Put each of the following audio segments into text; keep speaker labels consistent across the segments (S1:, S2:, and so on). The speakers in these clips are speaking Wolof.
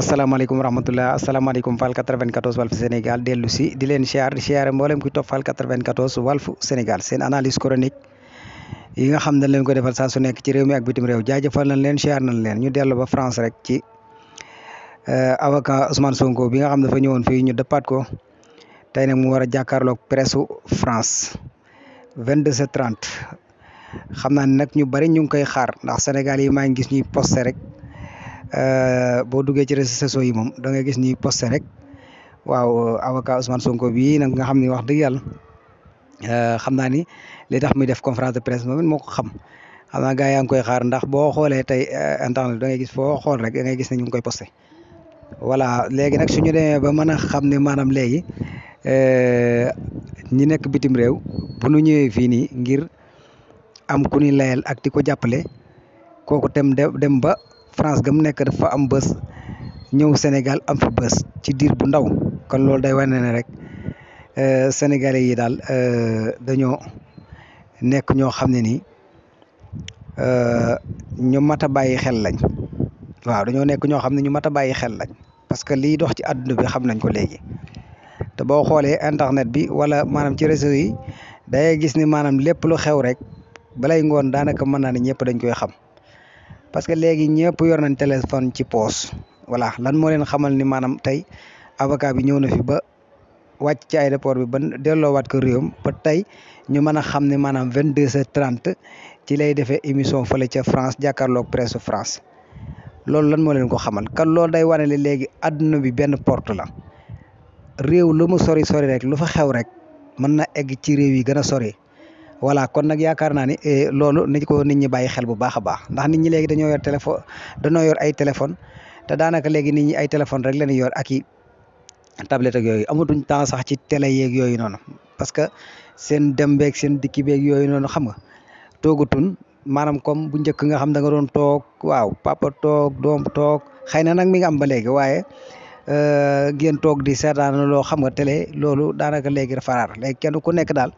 S1: asalaamaaleykum wa rahmatulah asalaamaaleykum Fall 94 Walf Sénégal dellu si di leen siyaar cher siyaare mboolem kuy topp Fall 94 Walf Sénégal seen analyse chronique yi nga xam ne leen ko defal saa su nekk ci réew mi ak bitim réew jaajëfal na leen siyaar nañ leen ñu dellu ba France rek ci eh, avocat Ousmane Sonko bi nga xam ne dafa ñëwoon fii ñu dëppaat ko tey nag mu war a jàkkaarloog presse France 22h30 xam naa ne nag ñu bari ñu ngi koy xaar ndax Sénégal yi maa ngi gis ñuy posté rek. Eh, boo duge ci réseaux sociaux yi moom da gis ñuy posté rek waaw avocat Ousmane Sonko bii nag nga xam ni wax dëgg yàlla eh, xam naa ni li tax muy def conférence de presse moom moo xam xam naa gars yaa ngi koy xaar ndax boo xoolee tey eh, internet da gis foo xool rek da ngay gis ne ñu ngi koy posté voilà léegi nag suñu demee ba mën a xam ne maanaam léegi ñi nekk bitim réew bu nu ñëwee fii nii ngir am ku ñu layal ak di ko jàppale kooku tem dem ba France ga mu nekk dafa am bës ñëw Sénégal am fi bës ci diir bu ndaw kon loolu day wane ne rek euh, sénégalais yi daal euh, dañoo nekk ñoo xam ne nii euh, ñu mat a bàyyi xel lañ waaw dañoo nekk ñoo xam ne ñu mat a bàyyi xel lañ parce que lii dox ci àdduna bi xam nañ ko léegi te boo xoolee internet bi wala maanaam ci réseau yi day gis ni maanaam lépp lu xew rek balay ngoon daanaka mën naa ne ñëpp dañ koy xam. parce que léegi ñëpp yor nañ téléphone ci poos voilà lan moo leen xamal ni maanaam tey avocat bi ñëw na fi ba wàcc ci aéroport bi ba delloowaat ko réewam ba tey ñu mën a xam ne maanaam vingt deux heures trente ci lay defee émission fële ci France jàkkaarloog presse France loolu lan moo leen ko xamal kan loolu day wane ne léegi àdduna bi benn porte la réew lu mu sori sori rek lu fa xew rek mën na egg ci réew yi gën a sori voilà kon nag yaakaar naa ni eh, loolu nañ ko nit ñi bàyyi xel bu baax a baax ndax nit ñi léegi dañoo yor téléphone dañoo yor ay téléphone te daanaka léegi nit ñi ay téléphone rek la yor aki i tablette ak yooyu amatuñ temps sax ci télé yeeg yooyu noonu parce que seen dem beeg seen dikki beeg yooyu noonu xam nga toogatun maanaam comme bu njëkk nga xam da nga doon toog waaw papa toog doom toog xëy na nag mi nga am ba léegi waaye Euh, ngeen toog di seetaan loo xam nga télé loolu daanaka léegi dafa raar léegi kenn ku nekk daal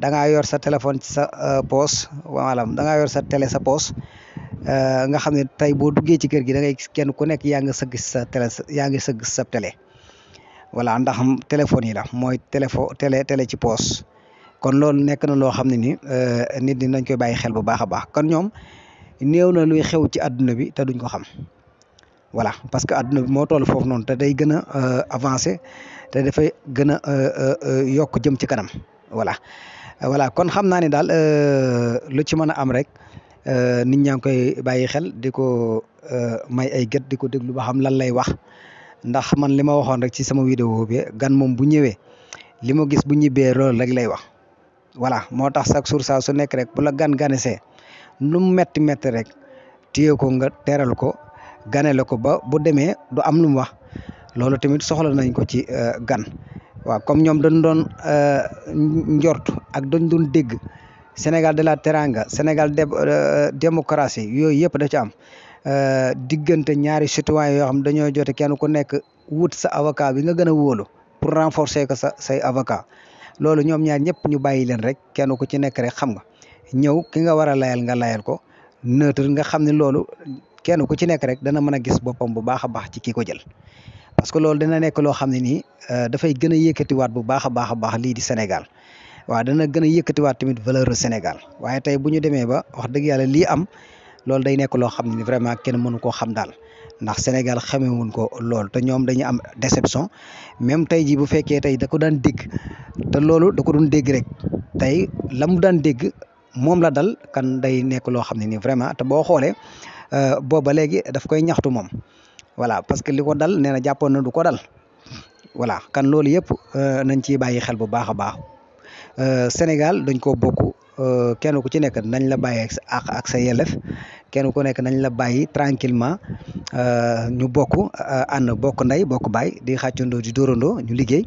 S1: da yor sa téléphone ci sa euh, poos maanaam da ngaa yor sa télé sa poos euh, nga xam ne tey boo duggee ci kër gi da ngay gis kenn ku nekk yaa ngi sëgg sa télé yaa ngi sëgg sa télé voilà ndax téléphone yi la mooy téléphone télé télé ci poos kon loolu nekk na loo xam ne ni nit ñi nañ koy bàyyi xel bu baax a baax kon ñoom néew na luy xew ci àdduna bi te duñ ko xam voilà parce que àdduna bi moo toll foofu noonu te day gën a euh, avancer te dafay gën a euh, euh, yokk jëm ci kanam voilà voilà kon xam naa ne daal lu ci mën a am rek nit ñaa ngi koy bàyyi xel di ko may ay gët di ko déglu ba xam lan lay wax ndax man li ma waxoon rek ci sama vidéo bi gan moom bu ñëwee li ma gis bu ñibbee loolu rek lay wax voilà moo tax chaque jour sa su nekk rek bu gan ganisee lu mu metti metti rek téye ko nga teral ko ganale ko ba bu demee du am lu mu wax loolu tamit soxla nañ ko ci euh, gan waaw comme ñoom dañ doon euh, njort ak dañ doon dégg Sénégal de la Teranga Sénégal de euh, démocratie yooyu yëpp da ci am diggante ñaari citoyen yoo xam dañoo jote kenn ku nekk wut sa avocat bi nga gën a wóolu pour renforcer ko sa say avocat loolu ñoom ñaar ñëpp ñu bàyyi leen rek kenn ku ci nekk rek xam nga ñëw ki nga war a layal nga layal ko neutre nga xam ne loolu kenn ko ci nekk rek dana mën a gis boppam bu baax a baax ci kii ko jël parce que loolu dana nekk loo xam ni nii euh, dafay gën a yëkkatiwaat bu baax a baax a baax lii di Sénégal waaw dana gën a yëkkatiwaat tamit valeur Sénégal waaye tey bu ñu demee ba wax dëgg yàlla lii am loolu day nekk loo xam ni vraiment kenn mënu koo xam daal ndax Sénégal xamewuñ ko lool te ñoom dañuy am déception même tey jii bu fekkee tey da ko daan dégg te loolu da ko doon dégg rek tey la mu daan dégg moom la dal kan day nekk loo xam ne ni vraiment te boo xoolee Euh, booba léegi daf koy ñaxtu moom voilà parce que li ko dal nee na jàppoon na du ko dal voilà kan loolu yëpp euh, nañ ciy bàyyi xel bu baax a baax euh, Sénégal dañ ko bokk kenn ku ci nekk nañ la bàyyi ak ak sa yelef kenn ku nekk nañ la bàyyi tranquillement ñu bokk ànd bokk ndey bokk baay di xàccandoo di dóorandoo ñu liggéey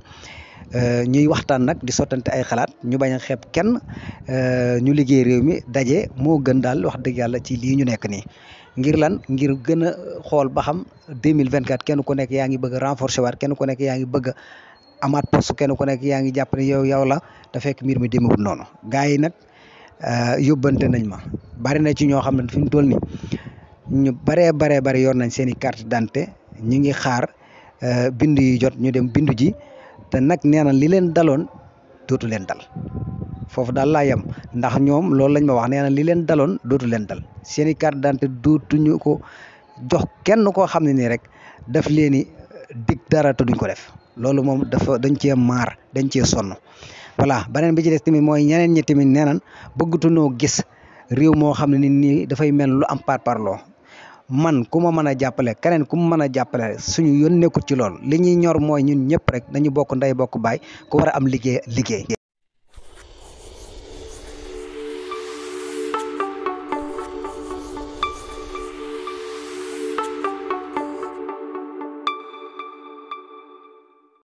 S1: ñuy waxtaan nag di sottante ay xalaat ñu bañ a xeeb kenn ñu liggéey réew mi daje moo gën daal wax dëgg yàlla ci lii ñu nekk nii ngir lan ngir gën a xool ba xam 2024 kenn ku nekk yaa ngi bëgg a renforcer waat kenn ku nekk yaa ngi bëgg a amaat poste kenn ku nekk yaa ngi jàpp ne yow yow la te fekk mbir mi demewul noonu gars yi nag euh, yóbbante nañ ma bari na ci ñoo xam ne fi mu toll nii ñu baree baree bari yoon nañ seen i carte d'identité ñu ngi xaar euh, bindu yi jot ñu dem bindu ji te nag nee na li leen daloon dootu leen dal. foofu daal laa yem ndax ñoom loolu lañ ma wax nee na li leen daloon dootu leen dal seen i carte dootu ñu ko jox kenn koo xam ne nii rek daf leen i dig dara te duñ ko def loolu moom dafa dañ cee maar dañ cee sonn voilà beneen bi ci des tamit mooy ñeneen ñi tamit nee nañ bëggutunoo gis réew moo xam ne nii dafay mel lu am par parloo man ku ma mën a jàppale keneen ku ma mën a jàppale suñu yoon nekkul ci loolu li ñuy ñor mooy ñun ñëpp rek dañu bokk ndey bokk baay ku war a am liggéey liggéey.